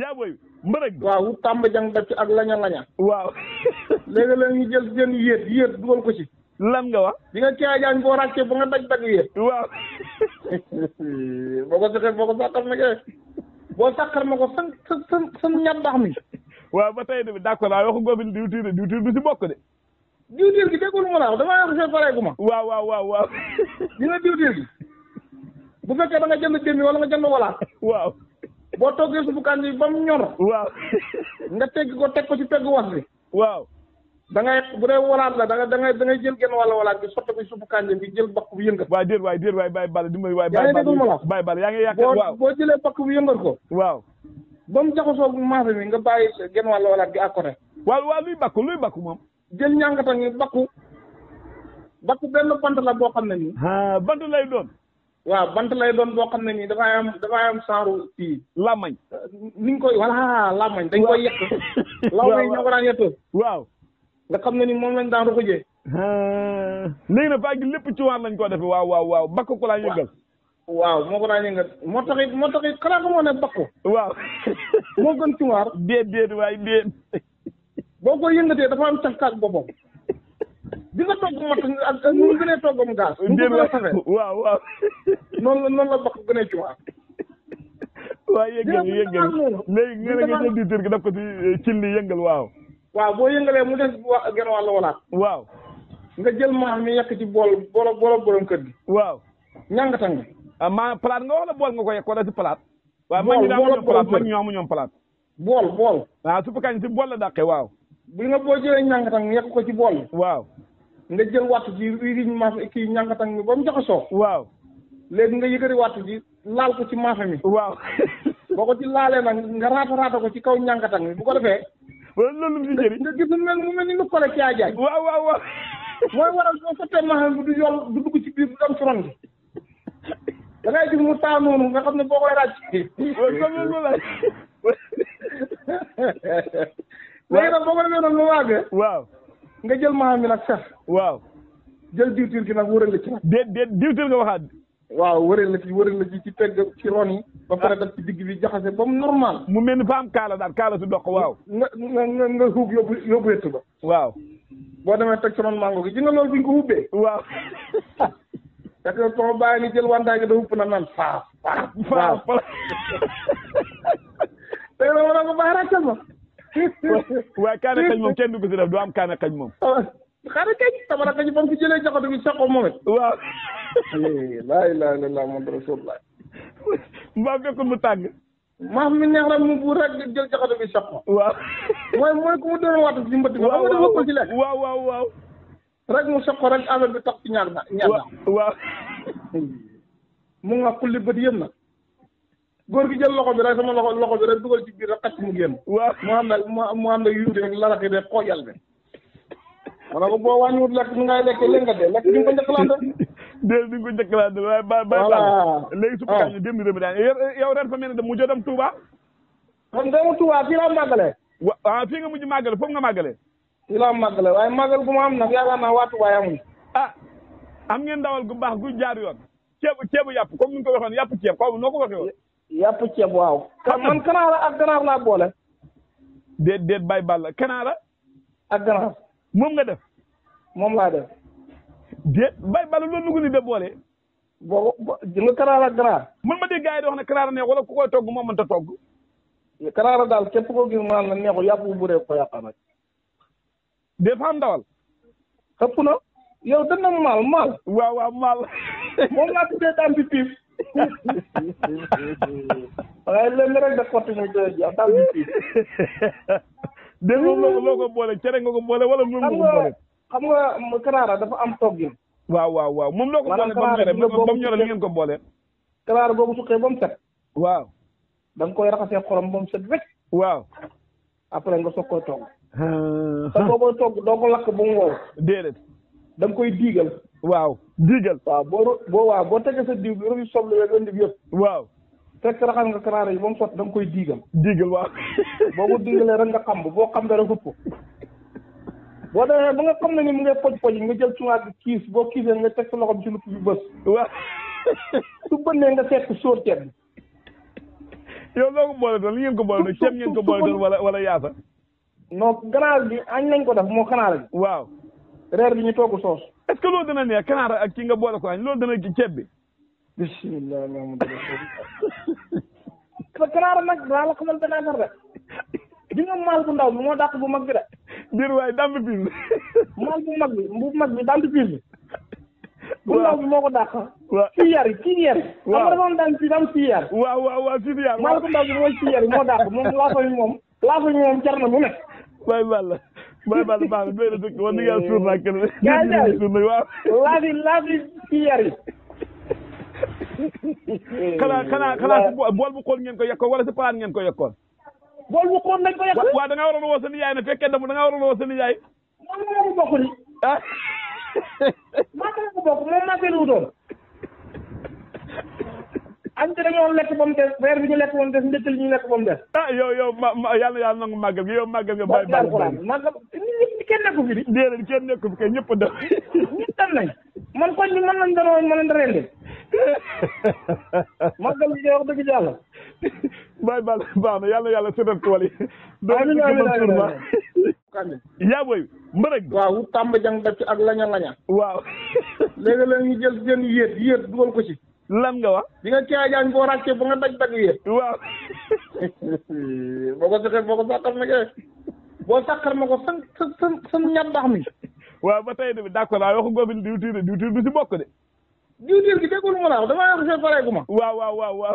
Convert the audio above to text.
yaa booy mbërëg bi waaw tàmb jang def ci ak laña laña waaw léegi la ñu jël seen yéet yéet dugal ko ci lan nga wax di nga a jaañ boo ràccee ba nga daj daj yéet waaw boo ko saxee boo ko sàkkar na kee boo sàkkar ma ko san san san ñabbax mi waaw ba tey de d'accord waaw waxu góobi diwtiir di diwtiir du si bokk de diwtiir gi déggul ma la damaa wax seen pareegu ma waaw waaw waaw waaw di nga diwtiir gi bu fekkee da nga jënd jëmmi wala nga jënd walaat waaw bo toge suufu kànja bi bam ñor. waaw nga tegg ko teg ko ci tegg wax bi. waaw da ngay bu dee walaat la da nga da ngay da ngay jël genn wala walaat bi sotti ko suufu kànja bi jël bakku bi yëngal. waay déet waay déet waay bàyyi bàll dimbali waay. bay bal bay bal ya bàyyi bàll waaw bo jëlé bakku bi yëngal ko. waaw ba mu jaxasoo maafe mi nga bay genn wala walaat bi akoré côté. waaw waaw luy bakku luy bakku mom jël ñangata ngi bakku bakku benn bant la bo xamné ni ha bant lay doon wa ya, bant lay doon bo xam ni dafa am dafa am saaru ci lamañ eh, ni ngoy wala lamañ dañ koy yek law na ñoo ko daan yettu waaw nga xam ni mom lañ daan ruxujee léegi nag faa gi lepp ci waar lañ ko defé waaw waaw waaw bakk ko laa yëngal waaw moo ko daan yëngal mo taxit mo taxit xanaa ko mo ne bakku waaw mo gën ci war déet déet way déet boko yëngaté dafa am cafkaat bopom di nga togg mat ak nu mu gënee toggam gaas. ndéem la waaw waaw. noonu la noonu la bokk gënee ci waat. waaw yëngal yëngal nga ne nga jël diwtiir gi def ko eh, waaw. waaw boo yëngalee mu des genn wàll walaat. waaw. nga jël maam mi yekk ci bool boolo boolo borom kër gi. waaw. ñàngata ah, maa palaat nga wala bool nga ko yekk wala si palaat. waaw man ñu daa amuñu palaat bool bool. ah suppu kañ si bool la dàqee waaw. bu nga boo jëlee ñàngata nga yekk ko ci bool. waaw. nga jël wattu ji riñ maafe kii ak mi ba mu jaxasoo waaw léegi nga yëgëri wattu ji laal ko ci maafe mi waaw boo ko ci laalee nag nga raata raata ko ci kaw ak mi bu ko defee wala loolu mu si jëri nga gis mel mu mel ni lu kole ci jaay waaw waaw waaw mooy waral boo sottee maafe bi du yoll du dugg ci biir du dem ci ron da ngay gis mu taa noonu nga xam ne boo koy ràcc léegi nag boo ko waaw nga jël maam mi nag sax. waaw jël diwtiir gi nag wëral la ci nag. déet déet diwtiir nga waxaat. waaw wëral la ci wëral la ci ci pegg ci ron yi. ba pare def ci digg bi jaxase ba mu normal. mu mel ni fa am kaala daal kaala su dox waaw. nga nga nga nga xuub yóbbu yóbbu ba. waaw. boo demee teg ci ron mango gi ji nga loolu bi nga ko ubbee. waaw. parce que sama bàyyi ni jël wantaay gi da upp na naan faaf. faaf faaf. léegi nag ma ne ko bàyyi ràccal ma. waaye kaana kañ moom kenn du ko si def du am kaana kañ moom. Ah, xanaa kañ sama rakk ji ba mu fi jëlee joxatu bi sax ko moom it. waaw. Eh, laa ilaaha illallaah Muhammadu rasuulullaah. mbaa fekkul mu tàng. maam na mu bu rek jël joxatu bi sax ko. waaw. mooy mooy ku mu doon waat si mbëtt bi. waaw waaw ko ci lekk. waaw mu sax ko rek affaire bi tax ci ñaar na ñaar na. waaw. mu nga kulli bët yëm na. góor gi jël loxo bi rek sama loxo loxo bi rek dugal ci biir rakat mu génn mo am nak mo am nag yuute rek rakki de ko yal be wala ko bo wañu lek mi ngay lek le nga de lek ni ko ndekla de de ni ko ndekla de bay bay bay lay su ko ñu dem dem daan yow ren fa mel de mu jodam Touba kon dem Touba fi la magale wa ah, fi nga muju magale foofu nga magale fi la magale way magal gu mo am nak yaakaar na watu way am ah am ngeen dawal gu bax gu jaar yoon ciebu ciebu yap comme ni ko waxoon yap ciebu xaw ma ko waxee woon yàpp ceeb waaw. man kanaara ak ganaar laa boole. déet déet bay balla kanaara. ak ganaar. moom nga def. moom laa def. déet bay balla loolu lu de boole. boo ko nga kanaara ganaar. man ma di wax ne kanaara neex wala ku koy togg moo mënta togg. kanaara daal képp koo gis mu naan la neexu yàpp bu ko yàqa nag. déet fa am ndawal. xëpp na yow maal maal. waaw waaw maal. moom laa tuddee daan bi piif. waaye léegi rek euh, boole cere nga ko boole wala moom nga ko boole. xam dafa am toggin. waaw waaw waaw moom loo boole ba mu ñoree ba mu ko boole. karaara boobu suqee ba mu set. waaw. da nga koy raxasee xorom ba set rek. waaw. après nga soog koy togg. te boo koy togg doo ko lakk ba mu wow. da koy diigal. waaw diigal. waaw boo boo waaw boo tegee sa diw bi rëb yi soble yooyu indi bi waaw fekk raxal nga kanaara yi ba mu sotti da koy diigal. diigal waaw. boo ko diigalee rek nga xam boo xam dara xupp. boo demee ba nga xam ne ni mu ngay poj poj nga jël cumaat bi kiis boo kiisee nga teg sa loxo bi ci lupp bi bës. waaw su bënnee nga seet sóor ceeb bi. yow ko boole doon li ngeen ko boole doon ceeb ngeen ko boole doon wala wala yaasa. non ganaar bi añ nañ ko def moo xanaar waaw. reer bi ñu togg soos. est ce que loolu dana ak ci nga boole ko añ loolu dana ceeb bi. bisimilah. te kanaara nag daa rek. di nga maal ndaw bi moo dàq bu mag bi rek. biir waaye dàmb piis bi. maal bu mag bi bu mag bi dàmb piis bi. bu bi moo ko dàq. waaw six yar yi six yar bi mooy six moo dàq moom laafa yi moom. laafa yi moom jar na bu Baye Balla baax na doy na dëkk wax dëgg yàlla suur naa kër waaw laafi laafi ci yar yi xanaa xanaa xanaa bool bu xool ngeen ko yekkoon wala si palaan ngeen ko yekkoon bool bu xool nañ ko yekkoon waaw da nga waroon woo sa nijaay ne fekkee damu da nga waroon woo sa nijaay moom la bokk ni ah maa ko bokk moom maa ko wutoon añ te dañoo lekk ba mu des weer bi ñu lekk ba mu des ndëkk li ñu lekk ba mu des. ah yow yow ma ma yàlla yàlla nangu màggam yow màggam nga bàyyi bàyyi bàyyi màggam nit ñëpp kenn nekku fi di déedéet kenn nekku fi kay ñëpp def ñëpp dem nañ man koñ bi man lañ danoon man lañ rendi màggam bi wax dëgg yàlla bàyyi bàyyi baax na yàlla yàlla sëtal tool yi amiin amiin amiin amiin yaa booy mbërëg waaw tàmb jang def ci ak laña laña waaw léegi la ñu jël seen yéet yéet dugal ko ci lan nga wax. di nga caa jaañ boo ràccee ba nga daj daj wi waaw. boo ko joxee boo ko sàkkar ma kee boo sàkkar ma ko san san san ñàbbax mi. waaw ba tey de d'accord waaye waxu góob diwtiir di diwtiir du si bokk de. diwtiir gi déggul mu la damaa yor si pareegu ma. waaw waaw waaw waaw.